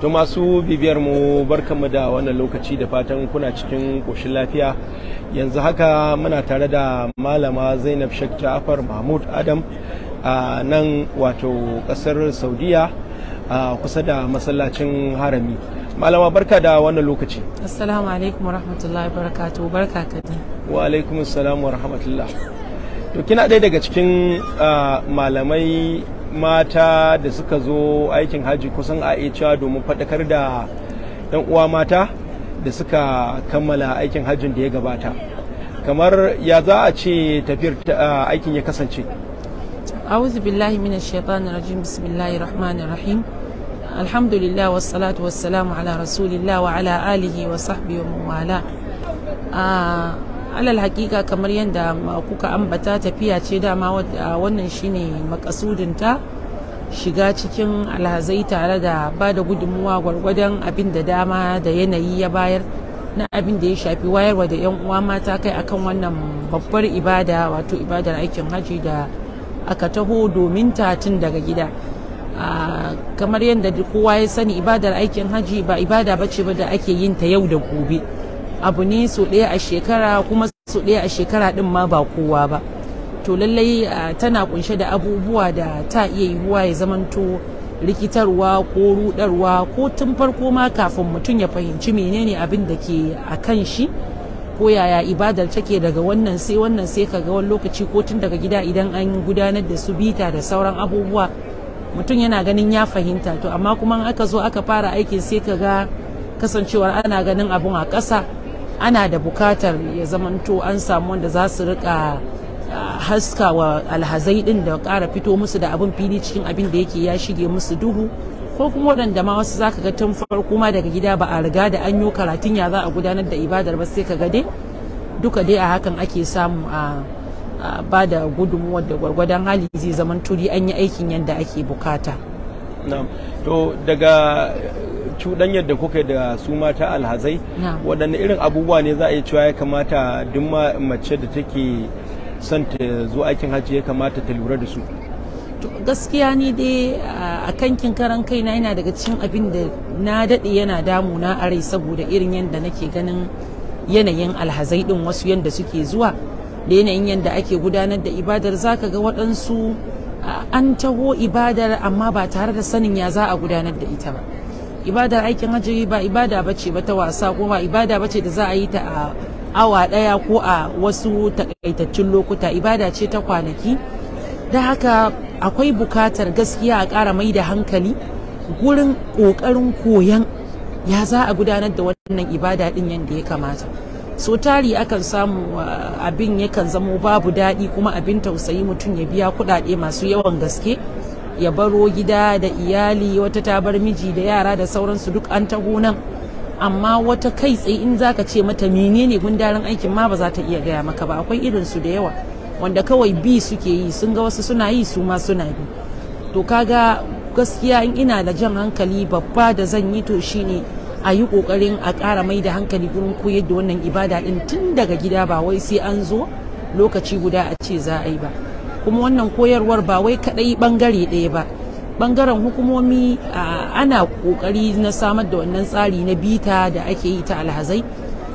to masu bibiyar mu barkanmu da wannan lokaci da fatan kuna cikin koshin lafiya yanzu haka muna tare da malama zainab shek ja'afar mahmud adam a nan wato kasar saudiya a kusa da masallacin harami malama barka da wannan lokaci assalamu alaikum warahmatullahi barakatuh barka kadi. wa alaikum assalam wa rahmatullah to kina ɗaya daga cikin malamai mata da suka zo aikin hajji kusan a cewa domin faɗakar da 'yan uwa mata da suka kammala aikin hajjin da ya gabata kamar ya za a ce tafiyar aikin ya kasance a'udhu billahi minash shaitanir rajim bismillahir rahmanir rahim alhamdulillah wassalatu wassalamu ala rasulillah wa ala alihi wa sahbihi wa wala alal hakika kamar yadda kuka ambata tafiya ce dama wannan shine makasudinta shiga cikin alhazai tare da ba da gudunmuwa gwargwadon abin da dama da yanayi ya bayar na abin da ya shafi wayarwa da 'yan uwa mata kai akan wannan babbar ibada wato ibadar aikin hajji da aka taho domin tun daga gida kamar yadda kowa ya sani ibadar aikin hajji ba ibada ba ce ba da ake yin ta yau da gobe abu ne so ɗaya a shekara kuma su ɗaya a shekara ɗin ma ba kowa ba to lallai tana kunshe da abubuwa da ta iya yiwuwa ya zamanto rikitarwa ko rudarwa ko tun farko ma kafin mutum ya fahimci menene abin da ke a kan shi ko yaya ibadar take daga wannan sai wannan sai ga wani lokaci ko tun daga gida idan an gudanar da su bita da sauran abubuwa mutum yana ganin ya fahimta to amma kuma aka zo aka fara aikin sai ka ga kasancewar ana ganin abun a ƙasa ana da bukatar ya zamanto an samu wanda za su rika ah, haska wa alhazai din da kara fito musu da abin fili cikin abin da yake ya shige musu duhu ko kuma waɗanda ma wasu za ka ga tun farko ma daga gida ba a riga da anyo yi karatun ya za a gudanar da ibadar ba sai ka ga dai duka dai a hakan ake samu a ba da gudunmuwar da gwargwadon hali zai zaman turi an yi aikin yadda ake bukata. to daga cuɗanyar da kuka da su mata alhazai waɗanne irin abubuwa ne za a yi cewa ya kamata duk mace da take son ta zo aikin hajji ya kamata ta lura da su gaskiya ni dai a kankin karan kaina yana daga cikin abin da na daɗe yana damuna a rai saboda irin yadda nake ganin yanayin alhazai din wasu yadda suke zuwa da yanayin yadda ake gudanar da ibadar zaka ga waɗansu an taho ibadar amma ba tare da sanin ya za a gudanar da ita ba ibadar aikin hajji ba ibada bace ba ta wasa ko ba ibada bace da za a yi ta a awa daya ko a wasu takaitaccen lokuta ibada ce ta kwanaki da haka akwai bukatar gaskiya a ƙara mai da hankali gurin ƙoƙarin koyon ya za a gudanar da wannan ibada ɗin yadda ya kamata so tari akan samu ah, abin yakan zamo babu daɗi kuma abin tausayi mutum ya biya kuɗaɗe masu yawan gaske ya baro gida da iyali wata ta bar miji da yara da sauransu duk an taho nan amma wata kai tsaye in zaka ce mata menene gundarin aikin ma ba za ta iya gaya maka ba akwai irin su da yawa wanda kawai bi suke yi sun ga wasu suna yi su ma suna bi to kaga gaskiya in ina da jan hankali babba da zan yi to shine a yi kokarin a ƙara mai da hankali gurin koyar da wannan ibada din tun daga gida ba wai sai an zo lokaci guda a ce za a yi ba kuma wannan koyarwar ba wai kadai bangare ɗaya ba bangaren hukumomi ana kokari na samar da wannan tsari na bita da ake yi ta alhazai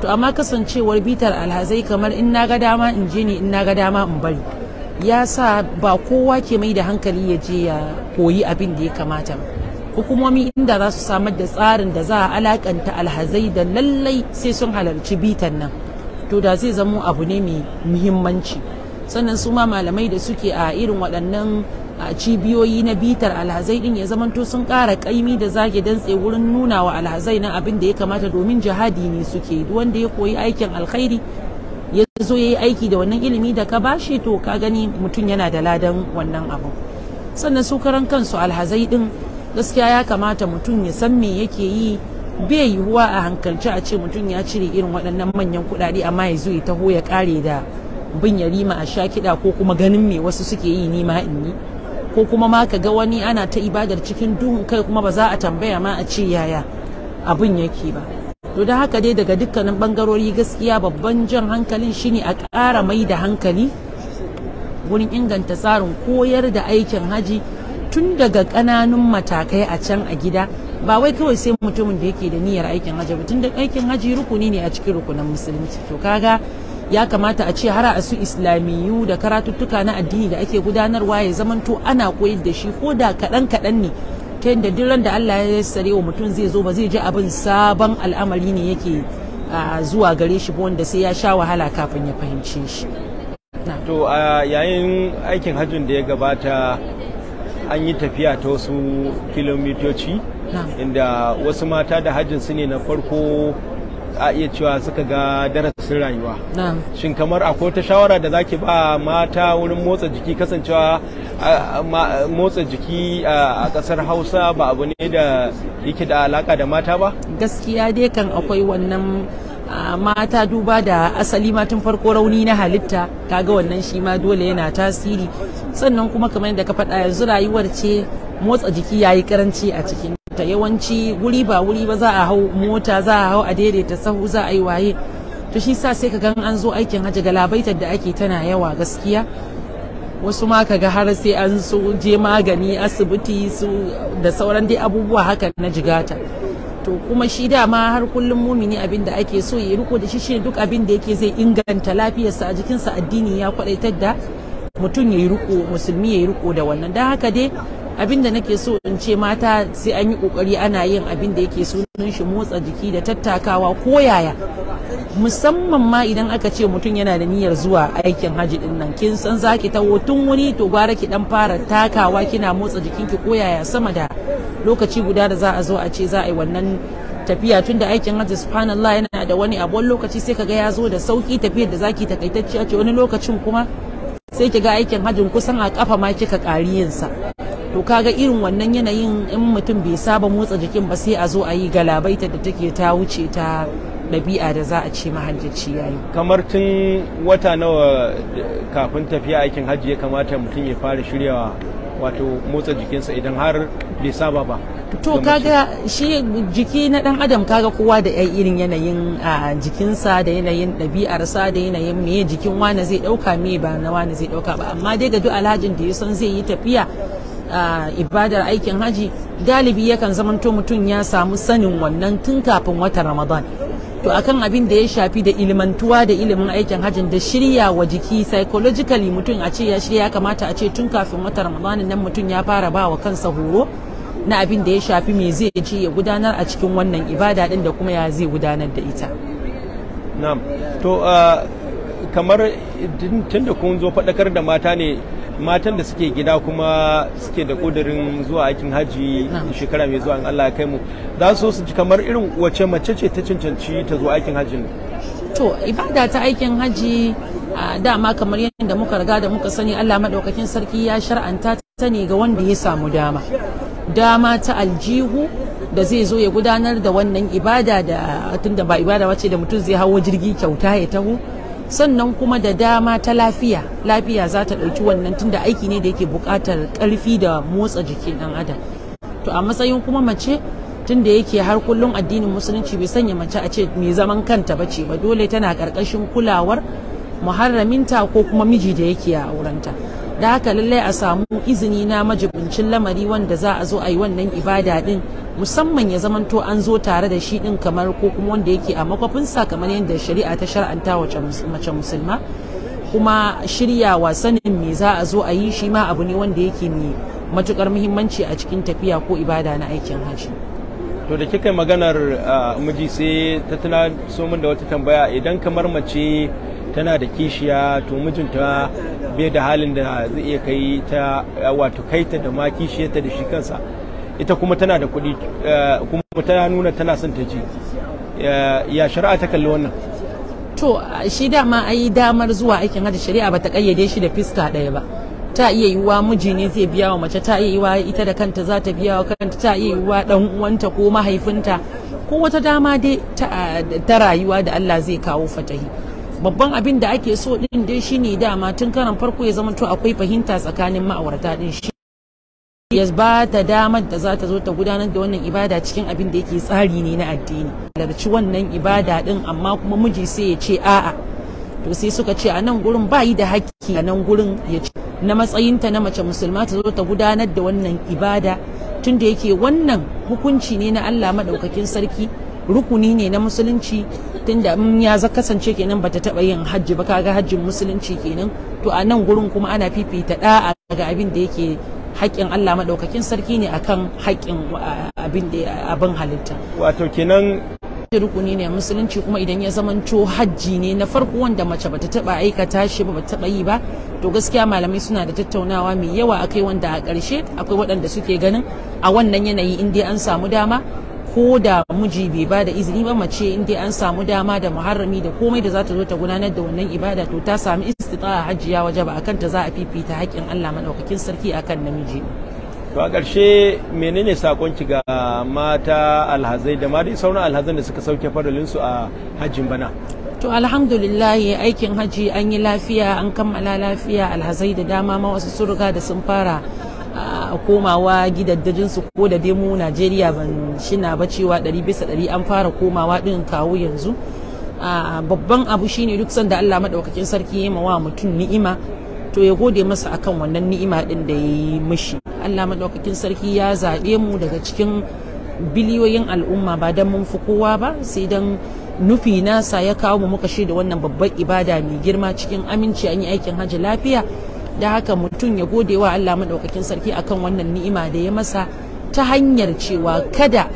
to amma kasancewar bitar alhazai kamar in na ga dama in je ne in na ga dama in bari ya sa ba kowa ke mai da hankali ya je ya koyi abin da ya kamata hukumomi inda za su samar da tsarin da za a alakanta alhazai da lallai sai sun halarci bitan nan to da zai zamo abu ne mai muhimmanci sannan su ma malamai da suke a irin waɗannan cibiyoyi na bitar alhazai din ya zamanto sun ƙara ƙaimi da zage dantse wurin nuna wa alhazai na abin da ya kamata domin jihadi ne suke duk wanda ya koyi aikin alkhairi ya zo ya yi aiki da wannan ilimi da ka bashi to ka gani mutum yana da ladan wannan abu sannan su karan kansu alhazai din gaskiya ya kamata mutum ya san me yake yi bai yiwuwa a hankalci a ce mutum ya cire irin waɗannan manyan kuɗaɗe amma ya zo ya taho ya ƙare da bin yarima a sha kiɗa ko kuma ganin me wasu suke yi ni ma in yi ko kuma ma ka ga wani ana ta ibadar cikin duhun kai kuma ba za a tambaya ma a ce yaya abin yake ba to da haka dai daga dukkanin bangarori gaskiya babban jan hankalin shine a ƙara mai da hankali wurin inganta tsarin koyar da aikin haji tun daga ƙananun matakai a can a gida ba wai kawai sai mutumin da yake da niyyar aikin haji ba tun da aikin haji rukuni ne a cikin rukunin musulunci to kaga ya kamata a ce har a su islamiyu da karatuttuka na addini da ake gudanarwa ya zamanto ana koyar da shi ko da kaɗan kaɗan ne ta yadda duk da Allah ya sare wa mutum zai zo ba zai ji abin sabon al'amari ne yake zuwa gare shi wanda sai ya sha wahala kafin ya fahimce shi. To a yayin aikin hajjin da ya gabata an yi tafiya ta wasu kilomitoci inda wasu mata da hajjin su ne na farko a iya cewa suka ga darasin rayuwa shin kamar akwai ta shawara da zaki ba mata wurin motsa jiki kasancewa motsa jiki a kasar hausa ba abu ne da yake da alaka da mata ba gaskiya dai kan akwai wannan mata duba da asali matan farko rauni na halitta kaga wannan shi ma dole yana tasiri sannan kuma kamar yadda ka faɗa yanzu rayuwar ce motsa jiki yayi karanci a cikin ta yawanci wuri ba wuri ba za a hau mota za a hau a daidaita sahu za a yi waye to shi sa sai ka gan an zo aikin hajji labaitar da ake tana yawa gaskiya wasu ma ka ga har sai an so je magani asibiti su da sauran dai abubuwa haka na jigata to kuma shi dama har kullum mumini abin da ake so ya riko da shi shi duk abin da yake zai inganta lafiyarsa a jikinsa addini ya kwadaitar da mutum ya yi riko musulmi ya yi riko da wannan don haka dai abin da nake so in ce mata sai an yi kokari ana yin abin da yake sunan shi motsa jiki da tattakawa ko yaya musamman ma idan aka ce mutum yana da niyyar zuwa aikin hajji din nan kin san zaki taho tun wani to gwara ki dan fara takawa kina motsa jikinki ko yaya sama da lokaci guda da za a zo a ce za a yi wannan tafiya tun da aikin hajji subhanallah yana da wani abu lokaci sai kaga ya zo da sauki tafiyar da zaki takaitacciya ce wani lokacin kuma sai ki ga aikin hajjin kusan a kafa ma kika ƙari yinsa to kaga irin wannan yanayin in mutum bai saba motsa jikin ba sai a zo a yi galabaita da take ta wuce ta ɗabi'a da za a ce mahajjaci ya yi kamar tun wata nawa kafin tafiya aikin hajji ya kamata mutum ya fara shiryawa wato motsa jikinsa idan har bai saba ba to kaga shi jiki na dan adam kaga kowa da yan irin yanayin jikinsa da yanayin ɗabi'arsa da yanayin me jikin wane zai ɗauka me ba na wane zai ɗauka ba amma dai ga duk alhajin da ya san zai yi tafiya ibadar aikin haji galibi yakan zamanto mutum ya samu sanin wannan tun kafin watan ramadan to akan abin da ya shafi da ilmantuwa da ilimin aikin hajin. da shirya wa jiki psychologically mutum a ce ya shirya ya kamata a ce tun kafin watan ramadan nan mutum ya fara ba wa kansa horo na abin da ya shafi me zai ce ya gudanar a cikin wannan ibada din da kuma ya zai gudanar da ita na'am to kamar tun da kun zo faɗakar da mata ne matan da suke gida kuma suke da kudurin zuwa aikin haji shekara mai zuwa Allah ya kai mu za su su ji kamar irin wace mace ce ta cancanci ta zo aikin hajji to ibada ta aikin haji dama kamar yadda muka riga da muka sani Allah madaukakin sarki ya shar'anta ta ne ga wanda ya samu dama dama ta aljihu da zai zo ya gudanar da wannan ibada da tunda ba ibada wace da mutum zai hawo jirgi kyauta ya taho sannan kuma da dama ta lafiya lafiya za ta ɗauki wannan tunda aiki ne da yake buƙatar ƙarfi da motsa jikin ɗan adam to a matsayin kuma mace tunda yake har kullum addinin musulunci bai sanya mace a ce mai zaman kanta ba ce ba dole tana ƙarƙashin kulawar muharraminta ko kuma miji da yake a aurenta da haka lallai a samu izini na majibincin lamari wanda za a zo a yi wannan ibada din musamman ya zamanto an zo tare da shi din kamar ko kuma wanda yake a makwafinsa kamar yadda shari'a ta shar'anta wace mace musulma kuma shirya sanin me za a zo a yi shi ma abu ne wanda yake mai matukar muhimmanci a cikin tafiya ko ibada na aikin hajji to da kika maganar ah, miji sai ta tuna so da wata tambaya idan kamar mace tana da kishiya to mijinta bai da halin da zai iya kai ta wato ta da ma kishiyarta da shi kansa ita kuma tana da kuɗi eh, kuma ta nuna tana son ta ji eh, ya shari'a ta kalli wannan to shi dama ai damar zuwa aikin hajji shari'a bata kayyade shi da fiska ɗaya ba ta iya yiwuwa miji ne zai biya wa mace ta iya yiwuwa ita da kanta za ta biya wa kanta ta iya yiwuwa dan uwanta ko mahaifinta ko wata dama dai ta rayuwa da Allah zai kawo fatahi babban abin da ake so din dai shine dama tun karan farko ya zama to akwai fahimta tsakanin ma'aurata din shi ya ba ta damar da za ta zo ta gudanar da wannan ibada cikin abin da yake tsari ne na addini halarci wannan ibada din amma kuma miji sai ya ce a'a to sai suka ce a nan gurin bayi da hakki a nan gurin ya ce na matsayinta na mace musulma ta zo ta gudanar da wannan ibada tun da yake wannan hukunci ne na Allah maɗaukakin sarki rukuni ne na musulunci tunda in ya za kasance kenan bata taba yin hajji ba kaga hajjin musulunci kenan to a nan gurin kuma ana fifita da'a ga abin da yake haƙƙin Allah maɗaukakin sarki ne akan haƙƙin abin da abin halitta wato kenan rukuni ne musulunci kuma idan ya zamanto hajji ne na farko wanda mace bata taba aikata shi ba bata taba yi ba to gaskiya malamai suna da tattaunawa mai yawa akai wanda a ƙarshe akwai waɗanda suke ganin a wannan yanayi in dai an samu dama ko da miji bai ba da izini ba mace in dai an samu dama da muharrami da komai da za ta zo ta gudanar da wannan ibada to ta sami istita'a hajjiya waje ba akan ta za a fifita haƙƙin Allah madaukakin sarki akan namiji to a ƙarshe menene sakon ki ga mata alhazai da ma dai sauran alhazan da suka sauke fadalin su a hajjin bana to alhamdulillah aikin haji an yi lafiya an kammala lafiya alhazai da dama ma wasu sun riga da sun fara a komawa gidaddajin su ko da demo Najeriya ban shina ba cewa ɗari an fara komawa din kawo yanzu babban abu shine duk sanda Allah maɗaukakin sarki ya wa mutum ni'ima to ya gode masa akan wannan ni'ima din da ya yi mishi Allah maɗaukakin sarki ya zabe mu daga cikin biliyoyin al'umma ba dan mun fi kowa ba sai dan nufi nasa ya kawo mu muka shaida wannan babbar ibada mai girma cikin aminci an yi aikin hajji lafiya da haka mutum ya gode wa Allah maɗaukakin sarki akan wannan ni'ima da ya masa ta hanyar cewa kada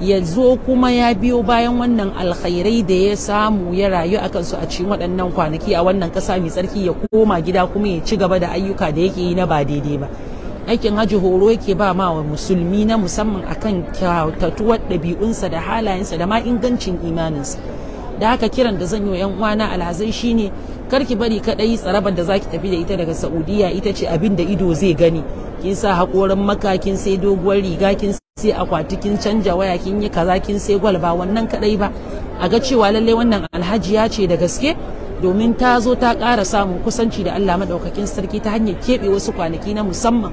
ya zo kuma ya biyo bayan wannan alkhairai da ya samu ya rayu a kansu a cikin waɗannan kwanaki a wannan ƙasa mai tsarki ya koma gida kuma ya ci gaba da ayyuka da yake yi na ba daidai ba aikin hajji horo yake ba ma wa musulmi na musamman akan kyautatuwar ɗabi'unsa da halayensa da ma ingancin imaninsa da haka kiran da zan yi wa 'yan uwana alhazai shine kar ki bari kadai tsarabar da zaki tafi da ita daga saudiya ita ce abin da ido zai gani kin sa hakorin maka kin sai doguwar riga kin sai akwati kin canja waya kin yi kaza kin sai gwal ba wannan kadai ba a ga cewa lallai wannan alhajiya ce da gaske domin ta zo ta ƙara samun kusanci da Allah maɗaukakin sarki ta hanyar keɓe wasu kwanaki na musamman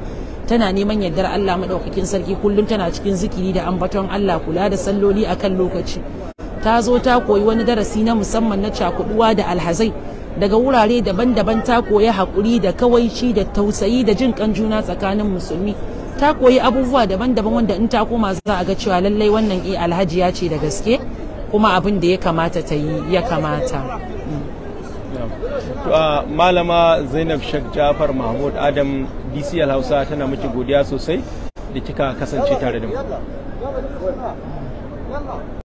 tana neman yardar Allah maɗaukakin sarki kullum tana cikin zikiri da ambaton Allah kula da salloli akan lokaci ta zo ta koyi wani darasi na musamman na cakuɗuwa da alhazai daga wurare daban-daban ta koyi haƙuri da kawaici da tausayi da jin kan juna tsakanin musulmi ta koyi abubuwa daban-daban wanda in ta koma za a ga cewa lallai wannan eh, alhaji alhajiya ce da gaske kuma abin da ya kamata ta yi ya kamata uh, malama zainab shek jafar mahmud adam dcl hausa tana miki godiya sosai da kika kasance tare da mu